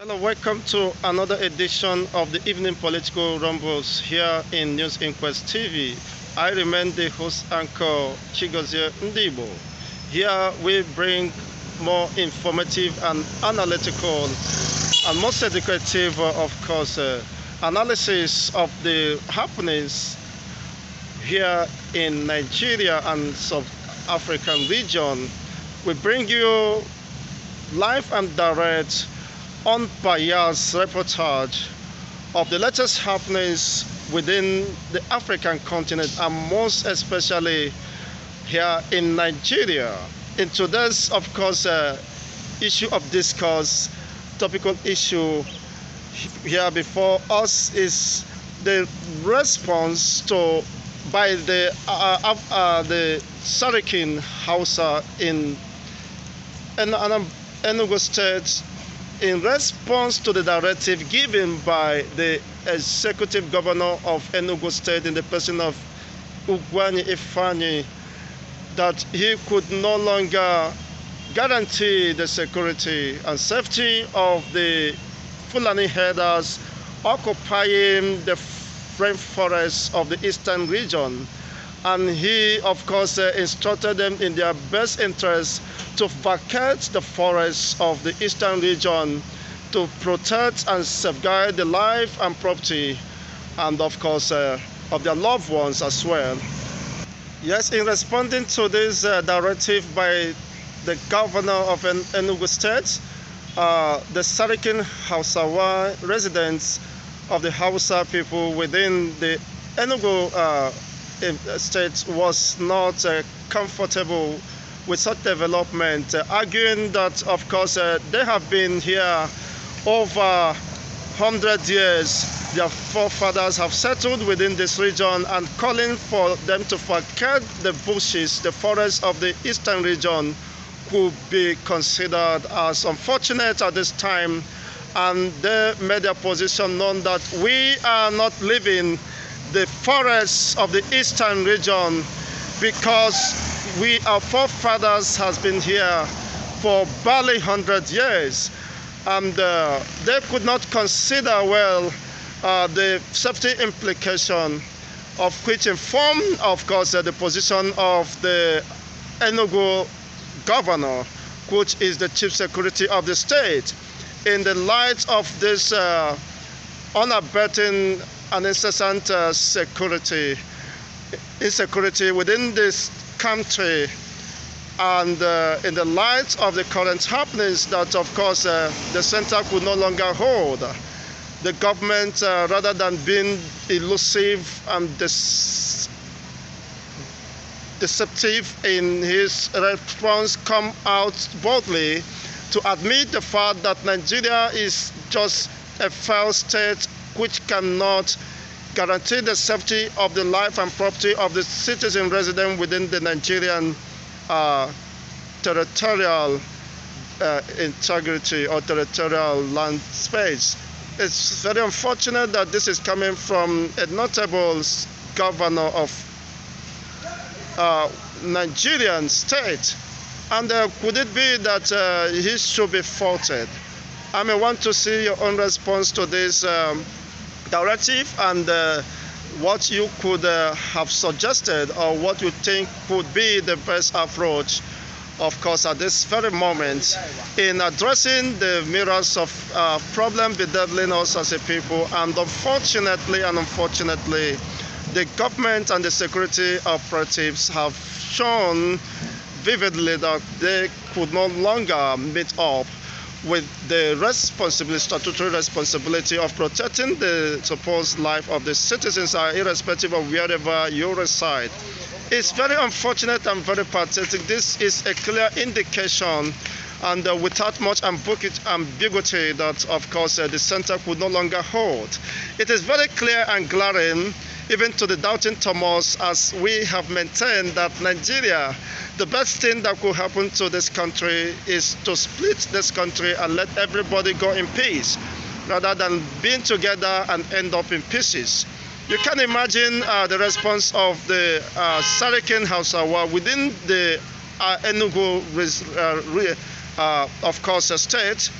Hello, welcome to another edition of the Evening Political Rumbles here in News Inquest TV. I remain the host anchor Chigozie Ndibo. Here we bring more informative and analytical and most educative, uh, of course, uh, analysis of the happenings here in Nigeria and South African region. We bring you live and direct unbiased reportage of the latest happenings within the African continent and most especially here in Nigeria. In today's, of course, uh, issue of discourse, topical issue here before us is the response to by the uh, uh, uh the Sarikin Hausa in Enugu State in response to the directive given by the executive governor of Enugu State in the person of Ugwani Ifani that he could no longer guarantee the security and safety of the Fulani herders occupying the rainforests of the eastern region and he, of course, uh, instructed them in their best interest to vacate the forests of the eastern region to protect and safeguard the life and property, and of course, uh, of their loved ones as well. Yes, in responding to this uh, directive by the governor of en Enugu State, uh, the Sarikin Hausawa residents of the Hausa people within the Enugu uh, uh, state was not uh, comfortable with such development, uh, arguing that, of course, they have been here over 100 years. Their forefathers have settled within this region and calling for them to forget the bushes, the forests of the eastern region could be considered as unfortunate at this time and they made their position known that we are not living forests of the eastern region because we our forefathers has been here for barely 100 years and uh, they could not consider well uh, the safety implication of which informed of course uh, the position of the Enugu governor which is the chief security of the state in the light of this uh, unabating an incessant uh, security insecurity within this country and uh, in the light of the current happenings that of course uh, the center could no longer hold the government uh, rather than being elusive and deceptive in his response come out boldly to admit the fact that Nigeria is just a failed state which cannot guarantee the safety of the life and property of the citizen resident within the Nigerian uh, territorial uh, integrity or territorial land space. It's very unfortunate that this is coming from a notable governor of uh, Nigerian state. And uh, could it be that uh, he should be faulted? I may want to see your own response to this um, directive and uh, what you could uh, have suggested or what you think could be the best approach, of course, at this very moment in addressing the mirrors of uh, problems bedeviling us as a people. And unfortunately, and unfortunately, the government and the security operatives have shown vividly that they could no longer meet up with the responsibility, statutory responsibility of protecting the supposed life of the citizens, irrespective of wherever you reside. It's very unfortunate and very pathetic. This is a clear indication and uh, without much ambiguity that of course uh, the center could no longer hold. It is very clear and glaring even to the doubting Thomas, as we have maintained that Nigeria, the best thing that could happen to this country is to split this country and let everybody go in peace rather than being together and end up in pieces. You can imagine uh, the response of the uh, Sarikin within the uh, Enugu, uh, uh, of course, state,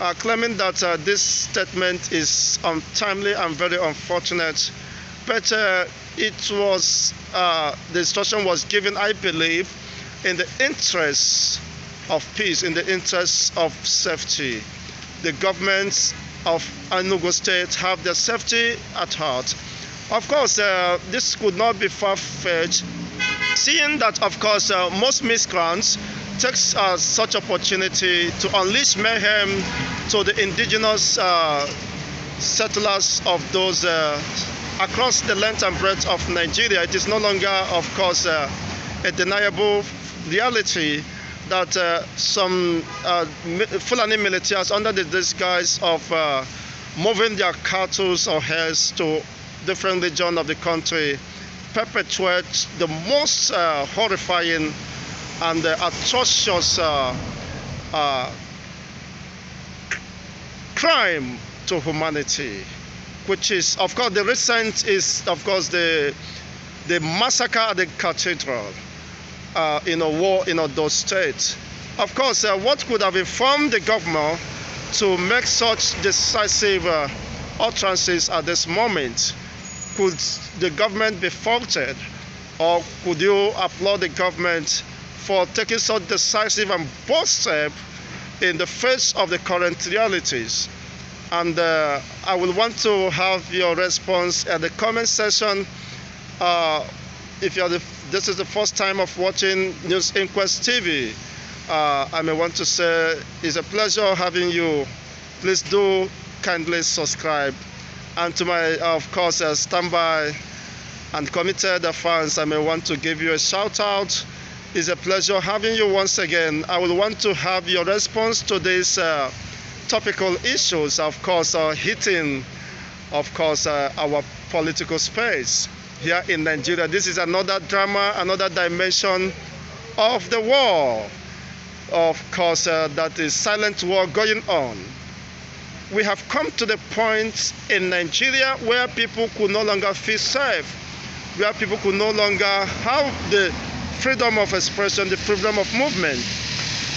uh, claiming that uh, this statement is untimely and very unfortunate but uh, it was uh, the instruction was given, I believe, in the interest of peace, in the interest of safety. The governments of Anugu State have their safety at heart. Of course, uh, this could not be far-fetched, seeing that, of course, uh, most miscreants takes uh, such opportunity to unleash mayhem to the indigenous uh, settlers of those uh, across the length and breadth of Nigeria, it is no longer, of course, uh, a deniable reality that uh, some uh, Fulani militias, under the disguise of uh, moving their cattle or herds to different regions of the country, perpetuate the most uh, horrifying and uh, atrocious crime to humanity which is, of course, the recent is, of course, the the massacre at the cathedral uh, in a war in a those states. Of course, uh, what could have informed the government to make such decisive uh, utterances at this moment? Could the government be faulted, or could you applaud the government for taking such decisive and bold step in the face of the current realities? and uh, I will want to have your response at the comment section. Uh, if you're the, this is the first time of watching News Inquest TV, uh, I may want to say it's a pleasure having you. Please do kindly subscribe. And to my, of course, uh, standby and committed fans, I may want to give you a shout out. It's a pleasure having you once again. I will want to have your response to this. Uh, topical issues, of course, are hitting, of course, uh, our political space here in Nigeria. This is another drama, another dimension of the war, of course, uh, that is silent war going on. We have come to the point in Nigeria where people could no longer feel safe, where people could no longer have the freedom of expression, the freedom of movement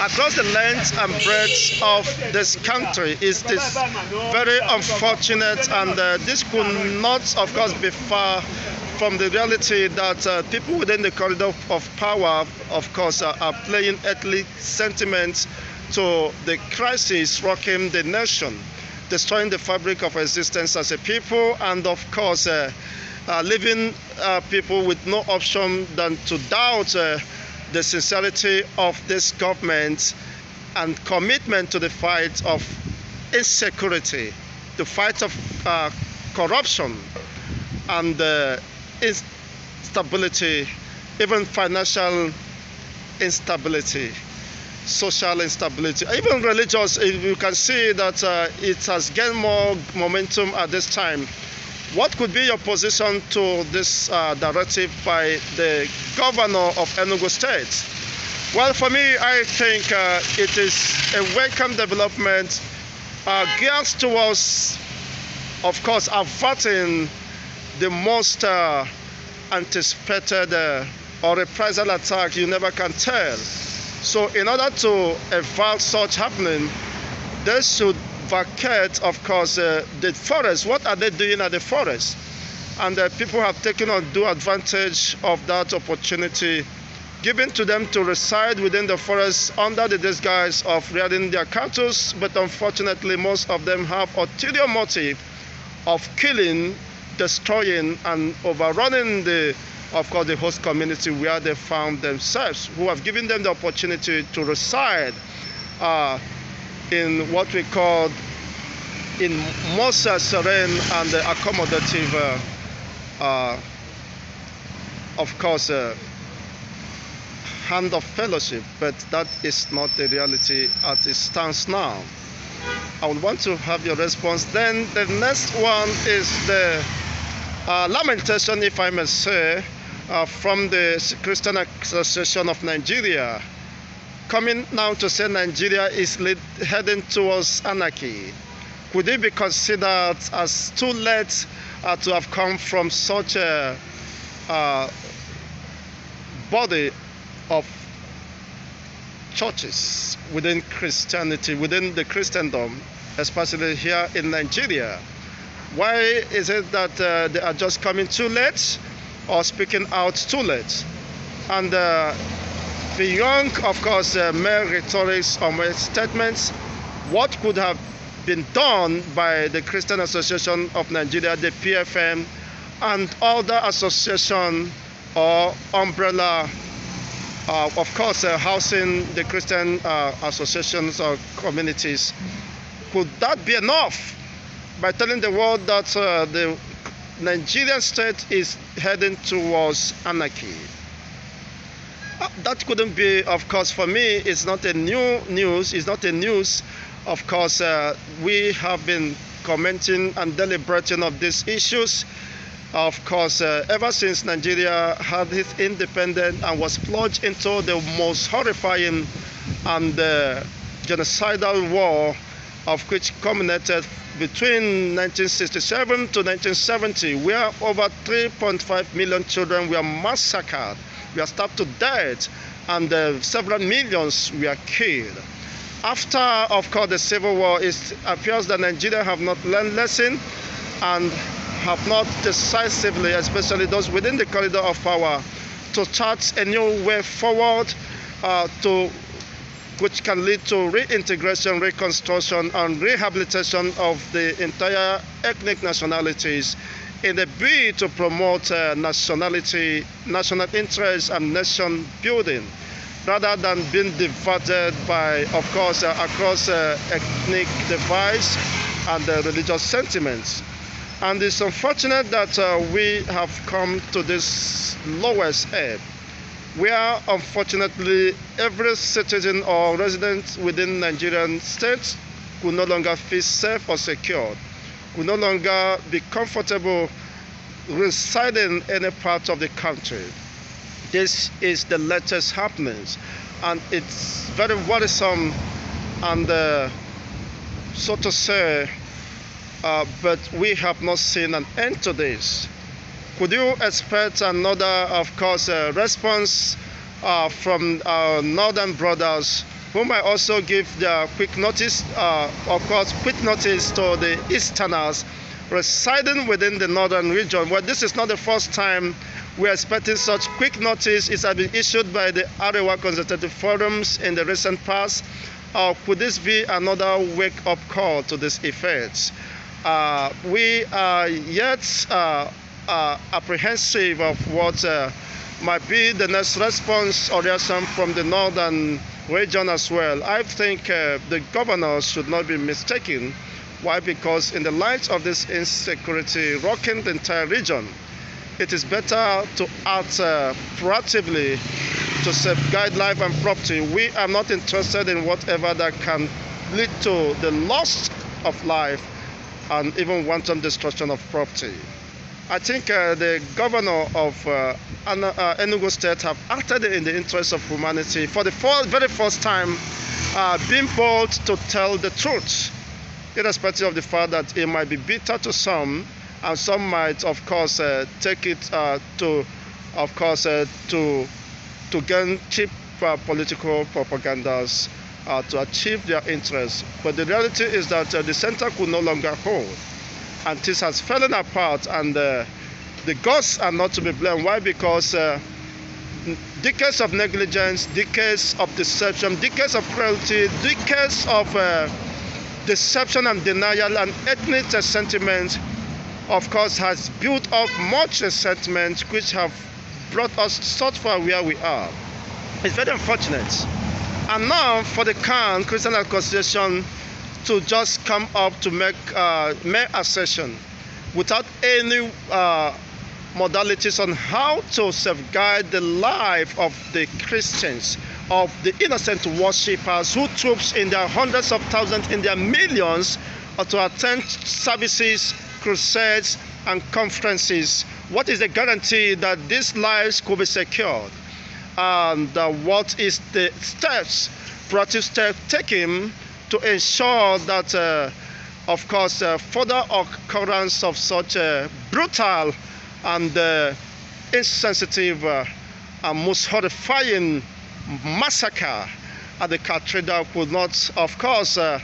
across the length and breadth of this country is this very unfortunate and uh, this could not of course be far from the reality that uh, people within the corridor of power of course are, uh, are playing ethnic sentiments to the crisis rocking the nation destroying the fabric of existence as a people and of course uh, uh leaving uh, people with no option than to doubt the sincerity of this government and commitment to the fight of insecurity, the fight of uh, corruption and the instability, even financial instability, social instability, even religious. You can see that uh, it has gained more momentum at this time. What could be your position to this uh, directive by the governor of Enugu State? Well, for me, I think uh, it is a welcome development uh, geared towards, of course, averting the most uh, anticipated uh, or reprisal attack. You never can tell. So, in order to avoid such happening, this should vacate, of course, uh, the forest. What are they doing at the forest? And the uh, people have taken undue advantage of that opportunity given to them to reside within the forest under the disguise of rearing their cattle, but unfortunately, most of them have ulterior motive of killing, destroying, and overrunning the, of course, the host community where they found themselves, who have given them the opportunity to reside. Uh, in what we call in Mosa serene and accommodative, uh, uh, of course, uh, hand of fellowship, but that is not the reality at its stance now. I would want to have your response. Then the next one is the uh, lamentation, if I may say, uh, from the Christian Association of Nigeria coming now to say Nigeria is lead, heading towards anarchy. Could it be considered as too late uh, to have come from such a uh, body of churches within Christianity, within the Christendom, especially here in Nigeria? Why is it that uh, they are just coming too late or speaking out too late? And uh, Beyond, of course, uh, mere rhetorics or mere statements, what could have been done by the Christian Association of Nigeria, the PFM, and other association or umbrella, uh, of course, uh, housing the Christian uh, associations or communities. Could that be enough by telling the world that uh, the Nigerian state is heading towards anarchy? Uh, that couldn't be, of course, for me, it's not a new news. It's not a news. Of course, uh, we have been commenting and deliberating of these issues. Of course, uh, ever since Nigeria had its independence and was plunged into the most horrifying and uh, genocidal war of which culminated between 1967 to 1970, where over 3.5 million children were massacred we are stabbed to death, and uh, several millions were killed. After, of course, the civil war, it appears that Nigeria have not learned lesson and have not decisively, especially those within the corridor of power, to chart a new way forward uh, to which can lead to reintegration, reconstruction, and rehabilitation of the entire ethnic nationalities in the bid to promote uh, nationality, national interest, and nation building, rather than being divided by, of course, uh, across uh, ethnic divides and uh, religious sentiments. And it's unfortunate that uh, we have come to this lowest ebb, where unfortunately every citizen or resident within Nigerian states could no longer feel safe or secure will no longer be comfortable residing in any part of the country. This is the latest happenings, and it's very worrisome and, uh, so to say, uh, but we have not seen an end to this. Could you expect another, of course, uh, response uh, from our northern brothers? We might also give the quick notice, uh, of course, quick notice to the Easterners residing within the northern region. Well, this is not the first time we're expecting such quick notice. It has been issued by the Arewa Consultative Forums in the recent past. Uh, could this be another wake-up call to this effect? Uh, we are yet uh, uh apprehensive of what uh, might be the next response or reaction from the northern region as well. I think uh, the governors should not be mistaken. Why? Because in the light of this insecurity rocking the entire region, it is better to act uh, proactively to safeguard life and property. We are not interested in whatever that can lead to the loss of life and even wanton destruction of property. I think uh, the governor of uh, uh, Enugu State have acted in the interest of humanity for the first, very first time, uh, being bold to tell the truth, irrespective of the fact that it might be bitter to some, and some might, of course, uh, take it to, of course, to to gain cheap political propagandas. Uh, to achieve their interests. But the reality is that uh, the center could no longer hold and things has fallen apart and uh, the gods are not to be blamed why because uh, decades of negligence decades of deception decades of cruelty decades of uh, deception and denial and ethnic sentiment of course has built up much resentment which have brought us so far where we are it's very unfortunate and now for the Khan Christian Association to just come up to make uh, a session without any uh, modalities on how to safeguard the life of the Christians, of the innocent worshippers who troops in their hundreds of thousands, in their millions, to attend services, crusades, and conferences. What is the guarantee that these lives could be secured? And uh, what is the steps, proactive steps taken to ensure that, uh, of course, uh, further occurrence of such uh, brutal and uh, insensitive uh, and most horrifying massacre at the Katrina would not, of course, uh,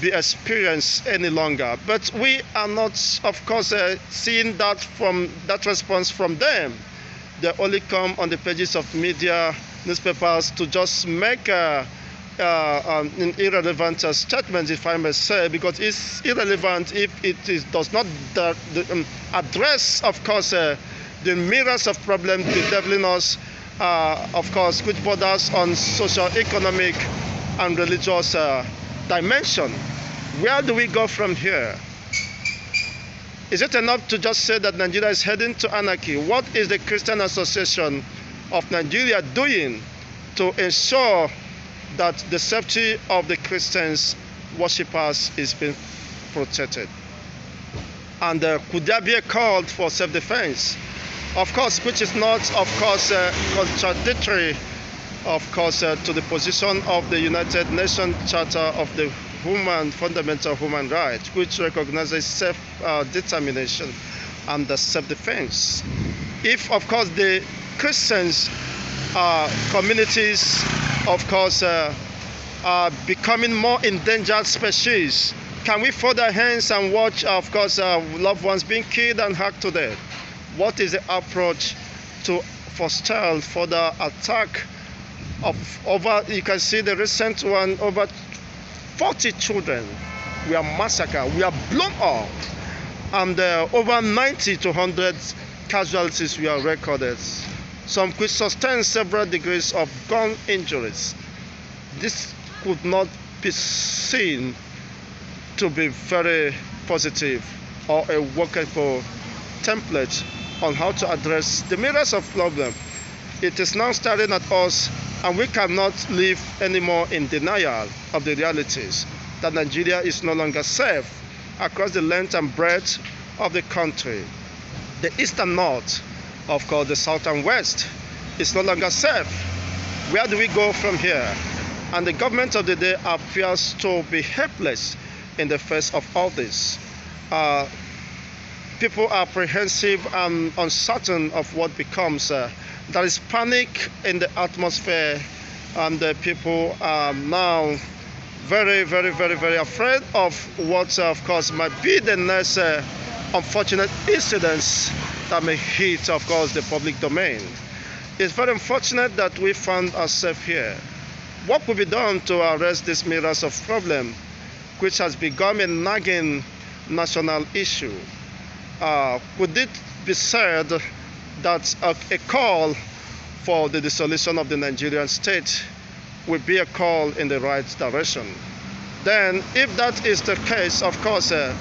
be experienced any longer. But we are not, of course, seeing that from that response from them. They only come on the pages of media, newspapers to just make uh, um, an irrelevant uh, statement, if I may say, because it's irrelevant if it is, does not the, the, um, address, of course, uh, the mirrors of problems, bedeviling us, uh, of course, which borders on social, economic, and religious uh, dimension. Where do we go from here? Is it enough to just say that Nigeria is heading to anarchy? What is the Christian Association of Nigeria doing to ensure that the safety of the Christians worshippers is being protected. And uh, could there be a call for self-defense? Of course, which is not, of course, uh, contradictory, of course, uh, to the position of the United Nations Charter of the Human Fundamental Human Rights, which recognizes self-determination uh, and the self-defense. If, of course, the Christians communities of course, uh, are becoming more endangered species. Can we fold our hands and watch, uh, of course, uh, loved ones being killed and hacked to death? What is the approach to forestall further attack of over, you can see the recent one, over 40 children we are massacred, we are blown up, and uh, over 90 to 100 casualties were recorded. Some could sustain several degrees of gun injuries. This could not be seen to be very positive or a workable template on how to address the myriad of problems. It is now staring at us, and we cannot live anymore in denial of the realities that Nigeria is no longer safe across the length and breadth of the country. The east and north of course the south and west is no longer safe. Where do we go from here? And the government of the day appears to be helpless in the face of all this. Uh, people are apprehensive and uncertain of what becomes. Uh, there is panic in the atmosphere, and the people are now very, very, very, very afraid of what, uh, of course, might be the next uh, unfortunate incidents that may hit, of course, the public domain. It's very unfortunate that we found ourselves here. What could be done to arrest this mirrors of problem, which has become a nagging national issue? Uh, could it be said that a, a call for the dissolution of the Nigerian state would be a call in the right direction? Then, if that is the case, of course, uh,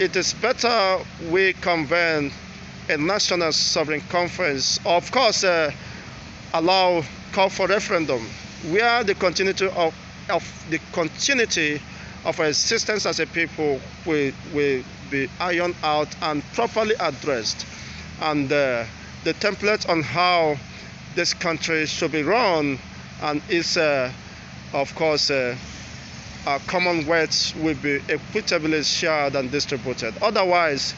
it is better we convene a national sovereign conference, of course, uh, allow call for referendum, where the continuity of, of the continuity of our existence as a people will, will be ironed out and properly addressed. And uh, the template on how this country should be run and its, uh, of course, uh, our commonwealth will be equitably shared and distributed. Otherwise,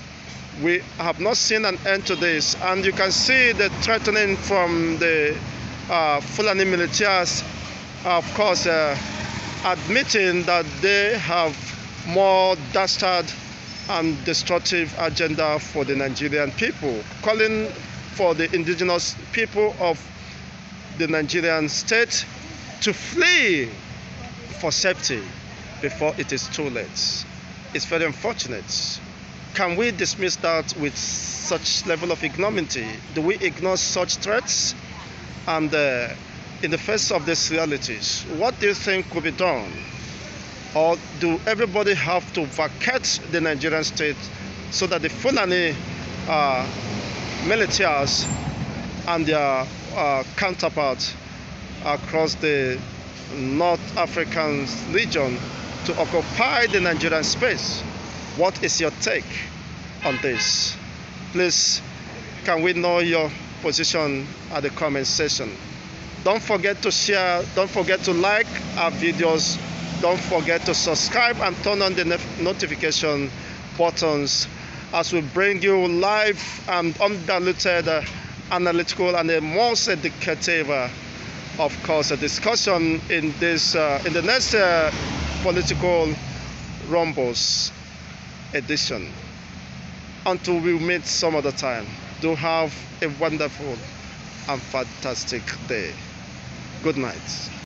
we have not seen an end to this. And you can see the threatening from the uh, Fulani militias, of course, uh, admitting that they have more dastard and destructive agenda for the Nigerian people, calling for the indigenous people of the Nigerian state to flee for safety before it is too late. It's very unfortunate can we dismiss that with such level of ignominy? Do we ignore such threats? And uh, in the face of these realities, what do you think could be done? Or do everybody have to vacate the Nigerian state so that the Fulani uh, militias and their uh, counterparts across the North African region to occupy the Nigerian space? What is your take on this? Please, can we know your position at the comment section? Don't forget to share, don't forget to like our videos, don't forget to subscribe and turn on the notification buttons as we bring you live and undiluted uh, analytical and a most educative, uh, of course, a discussion in this uh, in the next uh, political rumbles edition. Until we meet some other time, do have a wonderful and fantastic day. Good night.